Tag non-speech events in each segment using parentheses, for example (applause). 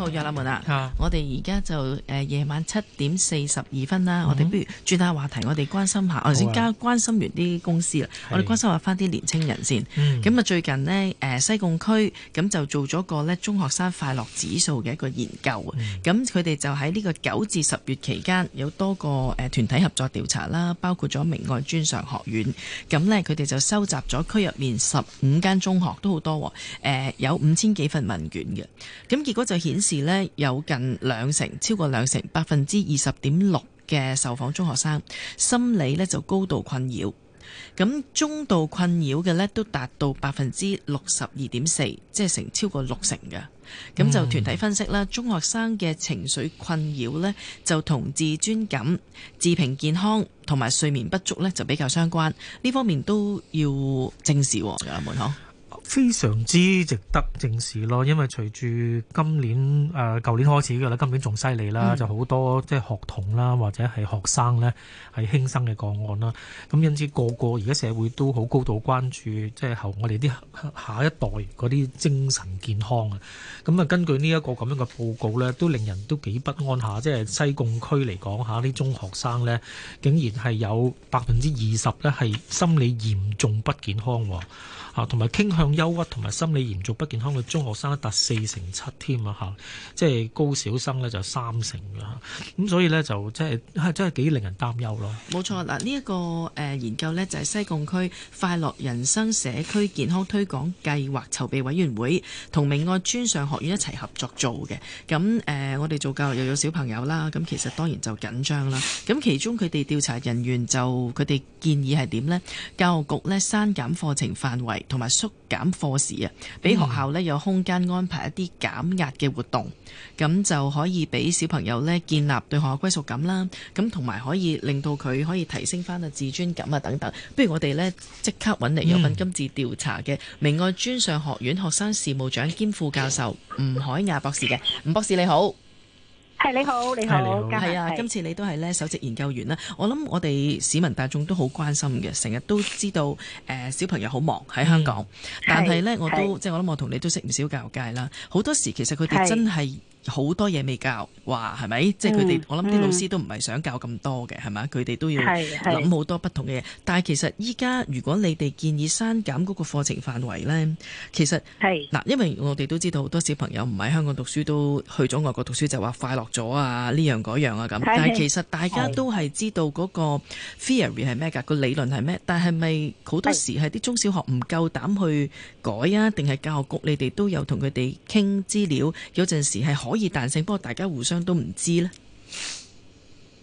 好，入嚟啦，我哋而家就誒、呃、夜晚七點四十二分啦。嗯、我哋不如轉下話題，我哋關心下。頭先加關心完啲公司啦、啊，我哋關心下翻啲年輕人先。咁、嗯、啊，最近呢，誒、呃、西貢區咁就做咗個咧中學生快樂指數嘅一個研究啊。咁佢哋就喺呢個九至十月期間有多個誒、呃、團體合作調查啦，包括咗明愛專上學院。咁呢，佢哋就收集咗區入面十五間中學都好多誒、啊呃，有五千幾份問卷嘅。咁結果就顯示，是咧有近兩成，超過兩成，百分之二十點六嘅受訪中學生心理呢就高度困擾，咁中度困擾嘅呢都達到百分之六十二點四，即係成超過六成嘅，咁就團體分析啦、嗯，中學生嘅情緒困擾呢就同自尊感、自評健康同埋睡眠不足呢就比較相關，呢方面都要正視喎。非常之值得正視咯，因為隨住今年誒舊、呃、年開始㗎啦，今年仲犀利啦，就好多即係學童啦，或者係學生咧係輕生嘅個案啦。咁因此個個而家社會都好高度關注，即係後我哋啲下一代嗰啲精神健康啊。咁啊，根據呢一個咁樣嘅報告咧，都令人都幾不安下，即係西貢區嚟講吓啲中學生咧竟然係有百分之二十咧係心理嚴重不健康喎，啊，同埋傾向。憂鬱同埋心理嚴重不健康嘅中學生達四成七添啊！嚇，即係高小生呢就三成嘅。咁所以呢，就即係真係幾令人擔憂咯。冇錯，嗱呢一個誒研究呢，就係西貢區快樂人生社區健康推廣計劃籌備委員會同明愛專上學院一齊合作做嘅。咁誒，我哋做教育又有小朋友啦，咁其實當然就緊張啦。咁其中佢哋調查人員就佢哋建議係點呢？教育局呢，刪減課程範圍同埋縮減減課時啊，俾學校咧有空間安排一啲減壓嘅活動，咁就可以俾小朋友咧建立對學校歸屬感啦。咁同埋可以令到佢可以提升翻個自尊感啊等等。不如我哋咧即刻揾嚟有份今次調查嘅明愛專上學院學生事務長兼副教授吳海雅博士嘅，吳博士你好。係，你好，你好，你好係啊，是！今次你都係咧首席研究員啦，我諗我哋市民大眾都好關心嘅，成日都知道誒、呃，小朋友好忙喺香港，但係咧我都即係我諗我同你都識唔少教育界啦，好多時其實佢哋真係。好多嘢未教，哇，係咪、嗯？即係佢哋，我諗啲老師都唔係想教咁多嘅，係、嗯、咪？佢哋都要諗好多不同嘅嘢。但係其實依家如果你哋建議刪減嗰個課程範圍咧，其實係嗱，因為我哋都知道好多小朋友唔喺香港讀書都去咗外國讀書就話快樂咗啊，呢樣嗰樣啊咁。但係其實大家都係知道嗰個 theory 係咩㗎？個理論係咩？但係咪好多時係啲中小學唔夠膽去改啊？定係教育局你哋都有同佢哋傾資料？有陣時係學。可以彈性，不過大家互相都唔知呢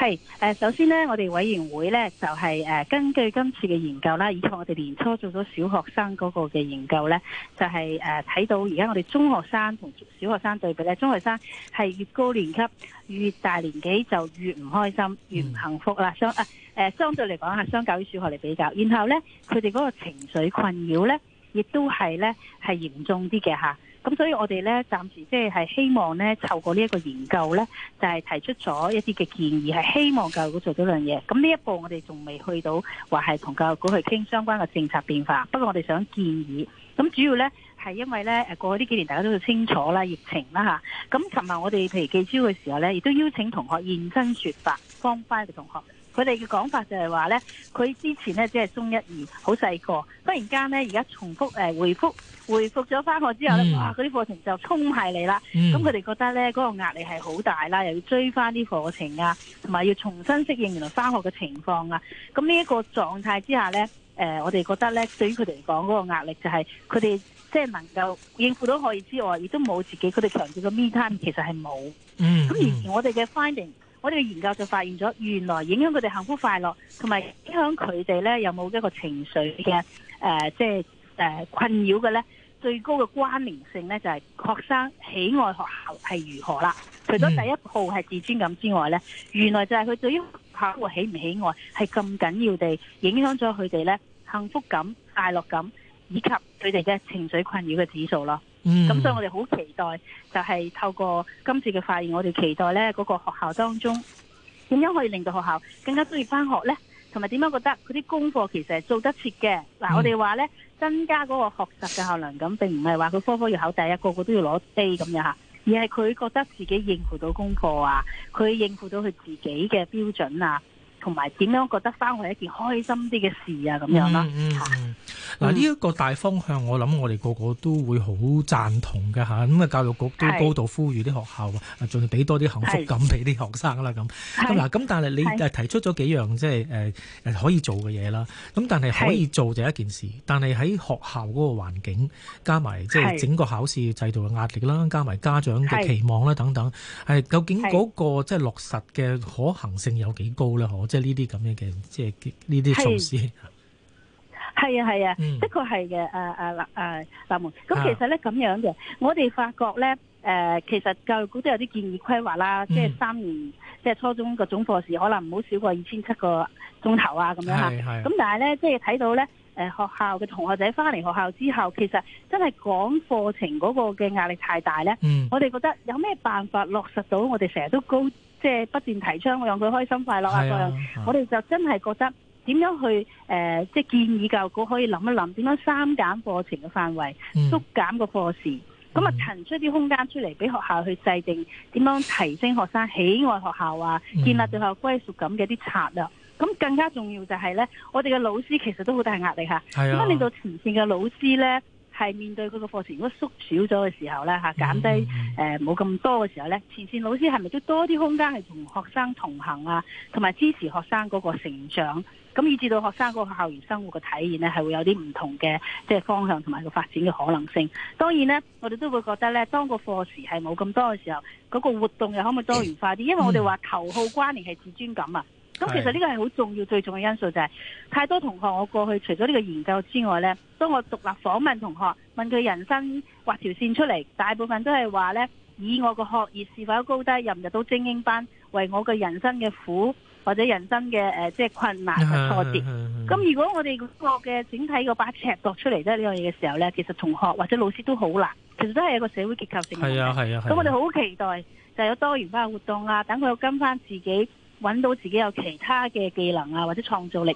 係誒，首先呢，我哋委員會呢就係誒，根據今次嘅研究啦，以及我哋年初做咗小學生嗰個嘅研究呢，就係誒，睇到而家我哋中學生同小學生對比咧，中學生係越高年級、越大年紀就越唔開心、越唔幸福啦。相誒誒，相對嚟講吓，相較於小學嚟比較，然後呢，佢哋嗰個情緒困擾呢，亦都係呢係嚴重啲嘅吓。咁所以我哋咧，暫時即係希望咧，透過呢一個研究咧，就係提出咗一啲嘅建議，係希望教育局做咗兩樣嘢。咁呢一步我哋仲未去到話係同教育局去傾相關嘅政策變化。不過我哋想建議，咁主要咧係因為咧，誒過去呢幾年大家都清楚啦，疫情啦嚇。咁尋日我哋譬如記招嘅時候咧，亦都邀請同學現身説法，方輝嘅同學。佢哋嘅講法就係話咧，佢之前咧即係中一二好細個，忽然間咧而家重複誒、呃、回覆回覆咗翻學之後咧、嗯，哇嗰啲課程就衝埋嚟啦。咁佢哋覺得咧嗰個壓力係好大啦，又要追翻啲課程啊，同埋要重新適應原來翻學嘅情況啊。咁呢一個狀態之下咧，誒、呃、我哋覺得咧對於佢哋嚟講嗰個壓力就係佢哋即係能夠應付到可以之外，亦都冇自己佢哋強調嘅 me time 其實係冇。嗯，咁以前我哋嘅 finding。我哋嘅研究就發現咗，原來影響佢哋幸福快樂，同埋影響佢哋咧有冇一個情緒嘅誒，即係誒困擾嘅咧，最高嘅關聯性咧就係、是、學生喜愛學校係如何啦。除咗第一步係自尊感之外咧、嗯，原來就係佢對於學校會喜唔喜愛係咁緊要地影響咗佢哋咧幸福感、快樂感以及佢哋嘅情緒困擾嘅指數囉。咁、嗯、所以，我哋好期待，就係、是、透過今次嘅發現，我哋期待咧嗰、那個學校當中，點樣可以令到學校更加中意返學咧？同埋點樣覺得佢啲功課其實係做得切嘅？嗱、啊，我哋話咧，增加嗰個學習嘅效能，咁並唔係話佢科科要考第一，個個都要攞 A 咁樣吓，而係佢覺得自己應付到功課啊，佢應付到佢自己嘅標準啊。同埋點樣覺得翻去一件開心啲嘅事啊咁樣啦，嗱、呢一個大方向，我諗我哋個個都會好贊同㗎吓。咁啊教育局都高度呼籲啲學校啊，仲要俾多啲幸福感俾啲學生啦咁。咁嗱咁，但係你提出咗幾樣即係、呃呃、可以做嘅嘢啦。咁但係可以做就一件事，但係喺學校嗰個環境加埋即係整個考試制度嘅壓力啦，加埋家長嘅期望啦等等，係究竟嗰個即係落實嘅可行性有幾高咧？可即係呢啲咁樣嘅，即係呢啲措施。係啊係啊、嗯，的確係嘅。誒誒誒，納、啊、悶。咁、啊、其實咧咁、啊、樣嘅，我哋發覺咧，誒、呃、其實教育局都有啲建議規劃啦，即係三年、嗯、即係初中個總課時可能唔好少過二千七個鐘頭啊，咁樣嚇。係係。咁但係咧，即係睇到咧。誒，學校嘅同學仔翻嚟學校之後，其實真係講課程嗰個嘅壓力太大呢。嗯，我哋覺得有咩辦法落實到我哋成日都高，即係不斷提倡讓佢開心快樂啊嗰樣。我哋就真係覺得點樣去誒，即係建議教育局可以諗一諗，點樣刪減課程嘅範圍，縮減個課時，咁啊騰出啲空間出嚟俾學校去制定點樣提升學生喜愛 (laughs) 學校啊，建立對學校歸屬感嘅啲策略。咁更加重要就係咧，我哋嘅老師其實都好大壓力嚇。咁令、啊、到前線嘅老師咧，係面對嗰個課時如果縮少咗嘅時候咧，減低冇咁、呃、多嘅時候咧，前線老師係咪都多啲空間係同學生同行啊，同埋支持學生嗰個成長？咁以至到學生嗰個校園生活嘅體驗咧，係會有啲唔同嘅即係方向同埋個發展嘅可能性。當然咧，我哋都會覺得咧，當個課時係冇咁多嘅時候，嗰、那個活動又可唔可以多元化啲？因為我哋話頭號關聯係自尊感啊。咁其實呢個係好重要、最重要因素就係太多同學。我過去除咗呢個研究之外呢，當我獨立訪問同學，問佢人生畫條線出嚟，大部分都係話呢，以我個學業是否高低、入唔入到精英班為我嘅人生嘅苦或者人生嘅即係困難多啲。咁 (laughs) 如果我哋個嘅整體個八尺度出嚟都係呢樣嘢嘅時候呢，其實同學或者老師都好難，其實都係一個社會結構性嘅問題。係啊係啊。咁我哋好期待就有多元化活動啦，等佢跟翻自己，搵到自己有其他嘅技能啊，或者創造力。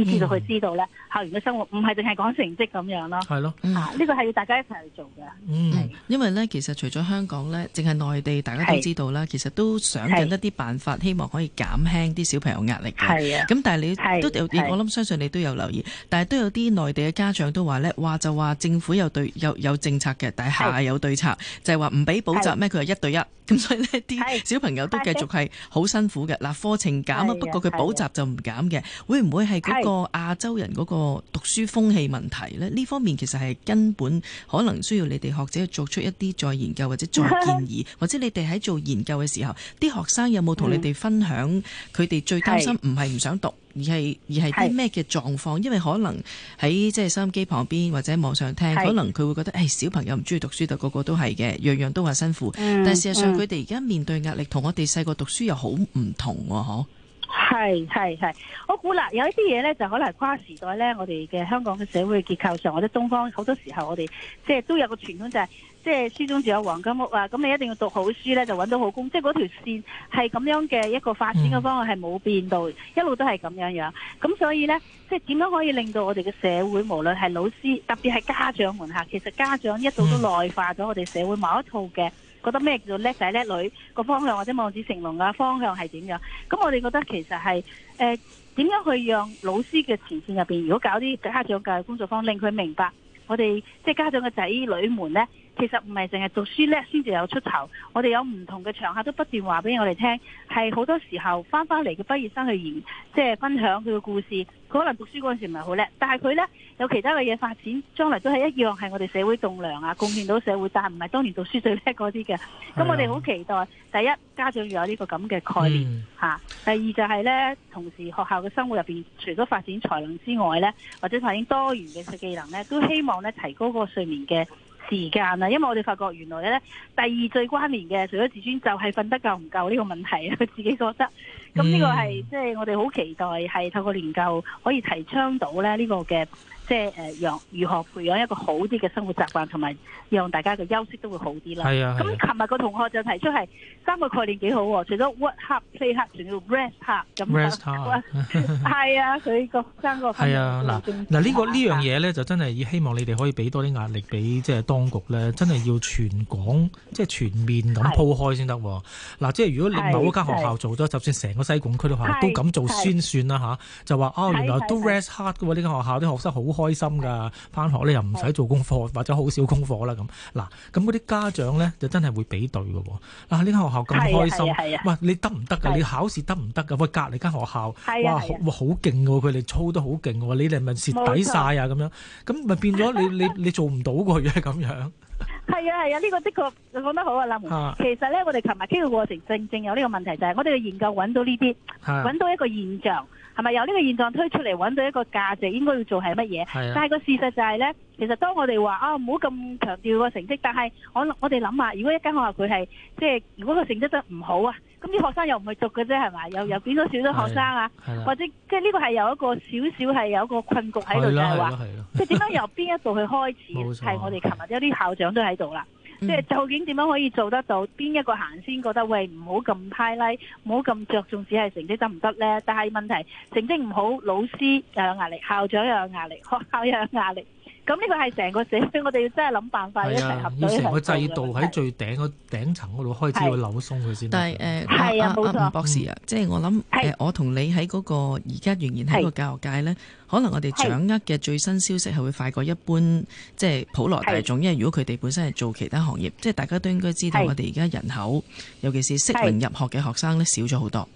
嗯、知道佢知道咧，校園嘅生活唔係淨係講成績咁樣咯。係咯，呢個係要大家一齊去做嘅。嗯，因為咧其實除咗香港咧，淨係內地大家都知道啦。其實都想緊一啲辦法，希望可以減輕啲小朋友壓力嘅。啊，咁但係你係都有，我諗相信你都有留意。但係都有啲內地嘅家長都話咧，話就話政府有對有有政策嘅，但係下有對策，係就係話唔俾補習咩？佢係一對一，咁所以呢啲小朋友都繼續係好辛苦嘅。嗱，課程減啊，不過佢補習就唔減嘅、啊。會唔會係嗰、嗰個個亞洲人嗰個讀書風氣問題咧，呢方面其實係根本可能需要你哋學者作出一啲再研究或者再建議， (laughs) 或者你哋喺做研究嘅時候，啲學生有冇同你哋分享佢哋最擔心唔係唔想讀，而係而係啲咩嘅狀況？因為可能喺即係收音機旁邊或者網上聽，可能佢會覺得誒、哎，小朋友唔中意讀書就個個都係嘅，樣樣都話辛苦、嗯，但事實上佢哋而家面對壓力同、嗯、我哋細個讀書又好唔同、啊，嗬？係係係，我估啦，有啲嘢咧，就可能跨時代咧，我哋嘅香港嘅社會結構上，或者東方好多時候我哋即係都有個傳統就係、是，即係書中仲有黃金屋啊，咁你一定要讀好書咧就搵到好工，即係嗰條線係咁樣嘅一個發展嘅方向係冇變到、嗯，一路都係咁樣樣，咁所以咧即係點樣可以令到我哋嘅社會，無論係老師，特別係家長們下，其實家長一度都內化咗我哋社會某一套嘅。覺得咩叫做叻仔叻女個方向，或者望子成龍嘅方向係點樣？咁我哋覺得其實係誒點樣去讓老師嘅前線入面，如果搞啲家長嘅工作坊，令佢明白我哋即係家長嘅仔女們咧。其實唔係淨係讀書叻先至有出頭，我哋有唔同嘅場合都不斷話俾我哋聽，係好多時候翻返嚟嘅畢業生去研，即係分享佢嘅故事。佢可能讀書嗰陣時唔係好叻，但係佢呢，有其他嘅嘢發展，將來都係一樣係我哋社會棟梁啊，貢獻到社會，但係唔係當年讀書最叻嗰啲嘅。咁我哋好期待，第一，家長要有呢個咁嘅概念嚇、嗯，第二就係呢，同時學校嘅生活入邊，除咗發展才能之外呢，或者發展多元嘅技能呢，都希望呢，提高個睡眠嘅。時間啦，因為我哋發覺原來咧，第二最關聯嘅，除咗自尊，就係瞓得夠唔夠呢個問題啊，自己覺得。咁、嗯、呢個係即係我哋好期待，係透過研究可以提倡到咧呢個嘅即係如何培養一個好啲嘅生活習慣，同埋讓大家嘅休息都會好啲啦。係啊。咁琴、啊啊啊、日個同學就提出係三個概念幾好喎、啊，除咗 work hard play hard，仲要 rest, rest hard。rest hard 係啊，佢個三個係啊嗱嗱、啊啊啊啊這個、呢個呢樣嘢咧，就真係希望你哋可以俾多啲壓力俾即係當局咧，真係要全港即係全面咁鋪開先得、啊。嗱，即係如果你某一間學校做咗，就算成西貢區都話都咁做先算啦，吓、啊，就話哦、啊、原來都 rest hard 嘅，呢間學校啲學生好開心噶翻學咧又唔使做功課或者好少功課啦咁。嗱，咁嗰啲家長咧就真係會比對嘅。啊，呢間學校咁開心，喂，你得唔得噶？你考試得唔得噶？喂、啊，隔籬間學校哇，哇好勁嘅，佢哋操得好勁嘅，你哋係咪蝕底晒啊？咁樣咁咪變咗你 (laughs) 你你做唔到嘅，如果咁樣。係啊係啊，呢、啊這個的確你講得好啊，冷門。其實呢，我哋尋日傾嘅過程正正有呢個問題，就係、是、我哋研究揾到呢啲，揾、啊、到一個現象，係咪由呢個現象推出嚟揾到一個價值，應該要做係乜嘢？但係個事實就係、是、呢，其實當我哋話啊，唔好咁強調個成績，但係我我哋諗下，如果一間學校佢係即係如果個成績得唔好啊？咁啲學生又唔係讀嘅啫，係咪？又又變咗少少學生啊，或者即係呢個係有一個少少係有一個困局喺度，就係話即係點樣由邊一度去開始？係 (laughs) 我哋琴日有啲校長都喺度啦，即、嗯、係、就是、究竟點樣可以做得到？邊一個行先覺得喂，唔好咁派拉，唔好咁着重只係成績得唔得咧？但係問題成績唔好，老師又有壓力，校長又有壓力，學校又有壓力。咁呢個係成個社會，我哋要真係諗辦法一齊合、啊。要成個制度喺最頂嗰頂層嗰度開始會扭鬆佢先。但係係、呃嗯、啊，冇錯博士啊，啊嗯嗯、即係我諗、呃、我同你喺嗰、那個而家仍然喺個教學界呢，可能我哋掌握嘅最新消息係會快過一般即係、就是、普羅大眾，因為如果佢哋本身係做其他行業，即係大家都應該知道我哋而家人口尤其是適齡入學嘅學生呢，少咗好多。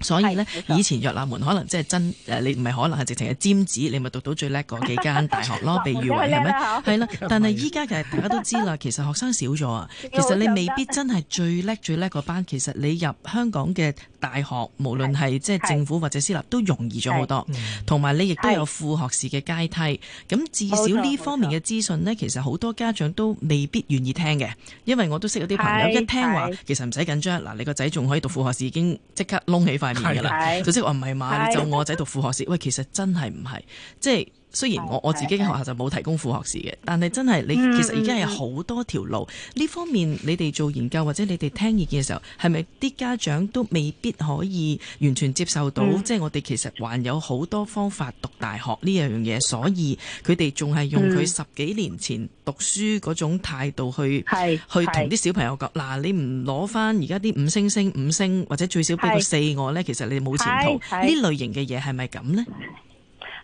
所以呢，以前若辣門可能即係真你唔係可能係直情係尖子，你咪讀到最叻嗰幾間大學咯。被 (laughs) 譽喻為係咩？係 (laughs) 是嗎 (laughs) 是啦， (laughs) 但係依家其實大家都知啦，其實學生少咗啊。其實你未必真係最叻最叻個班，其實你入香港嘅大學，是無論係即係政府或者私立，都容易咗好多。同埋、嗯、你亦都有副學士嘅階梯。咁至少呢方面嘅資訊呢，其實好多家長都未必願意聽嘅，因為我都識有啲朋友一聽話，其實唔使緊張。嗱，你個仔仲可以讀副學士，嗯、已經即刻窿起塊。係啦，就即係話唔係嘛，你就我仔讀副學士。喂，其實真係唔係，即係。雖然我我自己嘅學校就冇提供副學士嘅、嗯，但係真係你其實已經係好多條路呢、嗯、方面，你哋做研究或者你哋聽意見嘅時候，係咪啲家長都未必可以完全接受到？嗯、即係我哋其實還有好多方法讀大學呢樣嘢，所以佢哋仲係用佢十幾年前讀書嗰種態度去、嗯、去同啲小朋友講：嗱、嗯啊，你唔攞翻而家啲五星星、五星或者最少俾個四我呢，其實你冇前途。呢類型嘅嘢係咪咁呢？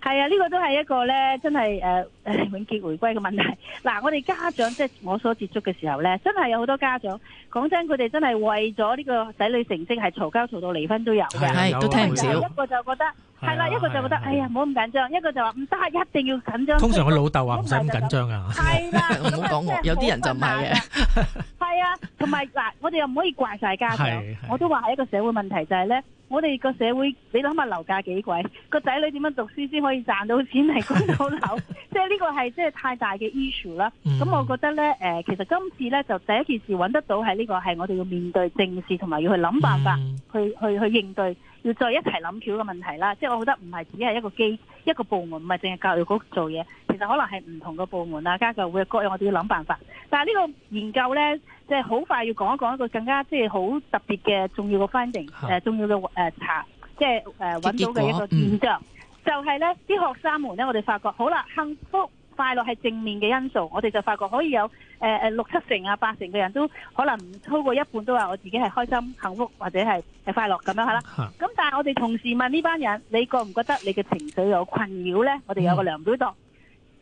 係啊、呢，這個都係一個咧，真係誒誒永劫回歸嘅問題。嗱，我哋家長即係，就是、我所接觸嘅時候咧，真係有好多家長講真，佢哋真係為咗呢個仔女成績係嘈交嘈到離婚都有嘅，係都聽唔少。一個就覺得。係啦、啊啊啊，一個就覺得，啊、哎呀，唔好咁緊張；一個就話唔得，一定要緊張。通常我老豆話唔使咁緊張啊。係、啊 (laughs) (laughs) 啊、啦，唔好講我。有啲人就唔係嘅，係啊，同埋嗱，我哋又唔可以怪晒家長。我都話係一個社會問題，就係、是、咧，我哋個社會，你諗下樓價幾貴，個仔女點樣讀書先可以賺到錢嚟供到樓？即係呢個係即係太大嘅 issue 啦。咁、嗯、我覺得咧、呃，其實今次咧就第一件事揾得到係呢、這個，係我哋要面對正事，同埋要去諗辦法去去去應對。要再一齊諗橋嘅問題啦，即係我覺得唔係只係一個機一個部門，唔係淨係教育局做嘢，其實可能係唔同嘅部門啊，家教會各樣我哋要諗辦法。但係呢個研究咧，即係好快要講一講一個更加即係好特別嘅重要嘅 finding，、呃、重要嘅、呃、查，即係誒、呃、揾到嘅一個現象，嗯、就係咧啲學生們咧，我哋發覺好啦，幸福。快樂係正面嘅因素，我哋就發覺可以有誒誒、呃、六七成啊八成嘅人都可能唔超過一半都話我自己係開心、幸福或者係快樂咁樣係啦。咁、嗯嗯、但係我哋同時問呢班人，你覺唔覺得你嘅情緒有困擾呢？我們」我哋有個量表度，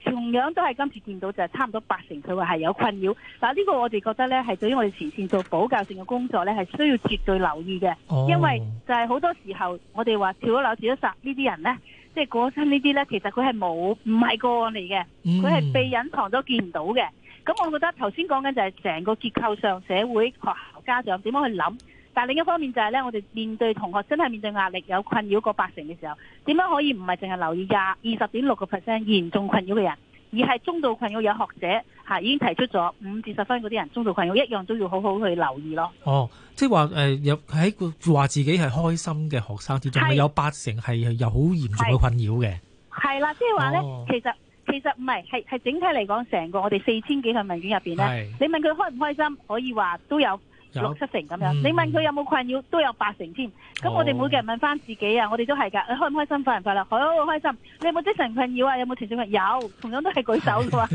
同樣都係今次見到就係差唔多八成佢話係有困擾。嗱，呢個我哋覺得呢係對於我哋前線做保教性嘅工作呢係需要絕對留意嘅、哦，因為就係好多時候我哋話跳咗樓、跳咗閘呢啲人呢。即係講真呢啲咧，其實佢係冇，唔係個案嚟嘅，佢係被隱藏咗見唔到嘅。咁我覺得頭先講緊就係成個結構上，社會、學校、家長點樣去諗。但另一方面就係咧，我哋面對同學真係面對壓力有困擾過八成嘅時候，點樣可以唔係淨係留意廿二十點六個 percent 嚴重困擾嘅人，而係中度困擾有學者。啊！已經提出咗五至十分嗰啲人中度困擾，一樣都要好好去留意咯。哦，即係話誒，入喺個話自己係開心嘅學生之中，還有八成係有好嚴重嘅困擾嘅。係啦，即係話咧，其實其實唔係係係整體嚟講，成個我哋四千幾份文件入邊咧，你問佢開唔開心，可以話都有，六七成咁樣，嗯，你問佢有冇困擾，都有八成添。咁我哋每個人問翻自己啊，我哋都係噶，開唔開心，快唔快樂？好，好開心。你有冇精神困擾啊？有冇情緒困擾？有，同樣都係舉手㗎嘛。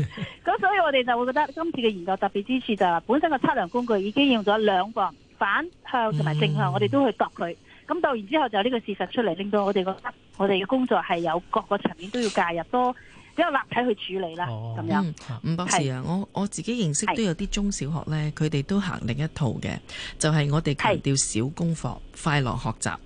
咁 (laughs) 所以我哋就會覺得今次嘅研究特別之處就係本身個測量工具已經用咗兩個反向同埋正向，我哋都去度佢。咁度完之後就呢個事實出嚟，令到我哋覺得我哋嘅工作係有各個層面都要介入多。一個立體去處理啦，咁、哦、樣、嗯。吳博士啊，我我自己認識都有啲中小學呢，佢哋都行另一套嘅，就係、是、我哋強調小功課、快樂學習。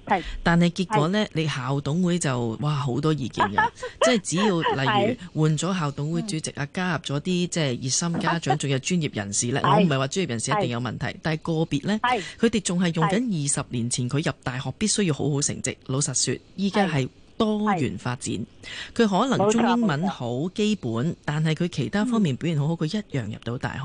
但係結果呢，你校董會就哇好多意見嘅， (laughs) 即係只要例如換咗校董會主席啊， (laughs) 加入咗啲即係熱心家長，仲 (laughs) 有專業人士呢。我唔係話專業人士一定有問題，但係個別呢，佢哋仲係用緊二十年前佢入大學必須要好好成績。老實說，依家係。多元發展，佢可能中英文好基本，但係佢其他方面表現好好，佢、嗯、一樣入到大學。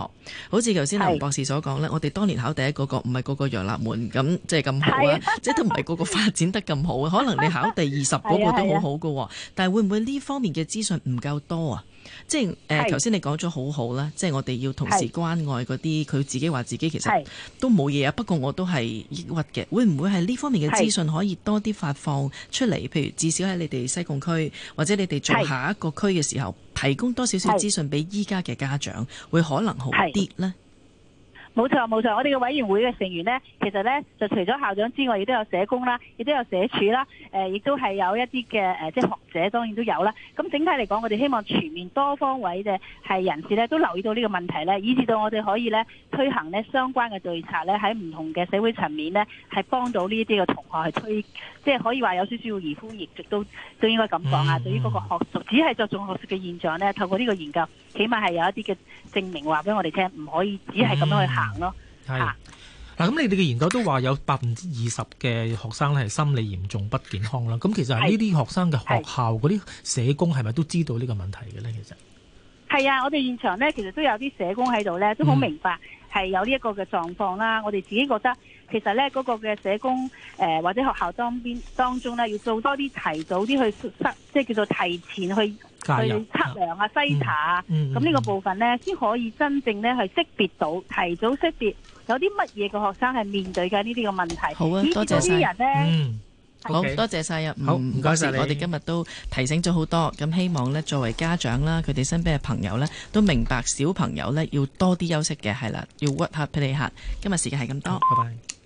好似頭先林博士所講咧，我哋當年考第一個個唔係個個楊立門咁即係咁好啊，即係、啊就是、都唔係個個發展得咁好啊。 (laughs) 可能你考第二十嗰個都好好㗎、啊啊，但係會唔會呢方面嘅資訊唔夠多啊？即係誒，呃，頭先你講咗好好啦，即係我哋要同時關愛嗰啲，佢自己話自己其實都冇嘢啊。不過我都係抑鬱嘅，會唔會係呢方面嘅資訊可以多啲發放出嚟？譬如至少喺你哋西貢區，或者你哋做下一個區嘅時候，提供多少少資訊俾依家嘅家長，會可能好啲呢？冇錯冇錯，我哋嘅委員會嘅成員呢，其實呢，就除咗校長之外，亦都有社工啦，亦都有社署啦，亦、呃、都係有一啲嘅、呃、即係學者當然都有啦。咁整體嚟講，我哋希望全面多方位嘅係人士呢，都留意到呢個問題呢，以至到我哋可以呢推行呢相關嘅對策呢。喺唔同嘅社會層面呢，係幫到呢一啲嘅同學去推，即係可以話有少少疑夫，亦都都應該咁講啊。Mm -hmm. 對於嗰個學只係著重學術嘅現象呢，透過呢個研究，起碼係有一啲嘅證明話俾我哋聽，唔可以只係咁樣去行。Mm -hmm. 咯，係嗱，咁你哋嘅研究都話有百分之二十嘅學生咧係心理嚴重不健康啦，咁其實呢啲學生嘅學校嗰啲社工係咪都知道呢個問題嘅咧？其實係啊，我哋現場咧其實都有啲社工喺度咧，都好明白係有呢一個嘅狀況啦。嗯、我哋自己覺得其實咧嗰個嘅社工誒或者學校當邊當中咧要做多啲提早啲去即係叫做提前去。去測量啊，篩、嗯、查啊，咁、嗯、呢、嗯、個部分呢，先、嗯嗯、可以真正呢去識別到，提早識別有啲乜嘢嘅學生係面對緊呢啲嘅問題。好啊，多謝晒。嗯，okay、好多謝晒。啊、嗯！唔唔該晒，我哋今日都提醒咗好多，咁希望呢，作為家長啦，佢哋身邊嘅朋友呢，都明白小朋友呢，要多啲休息嘅，係啦，要屈下俾你嚇。今日時間係咁多，拜拜。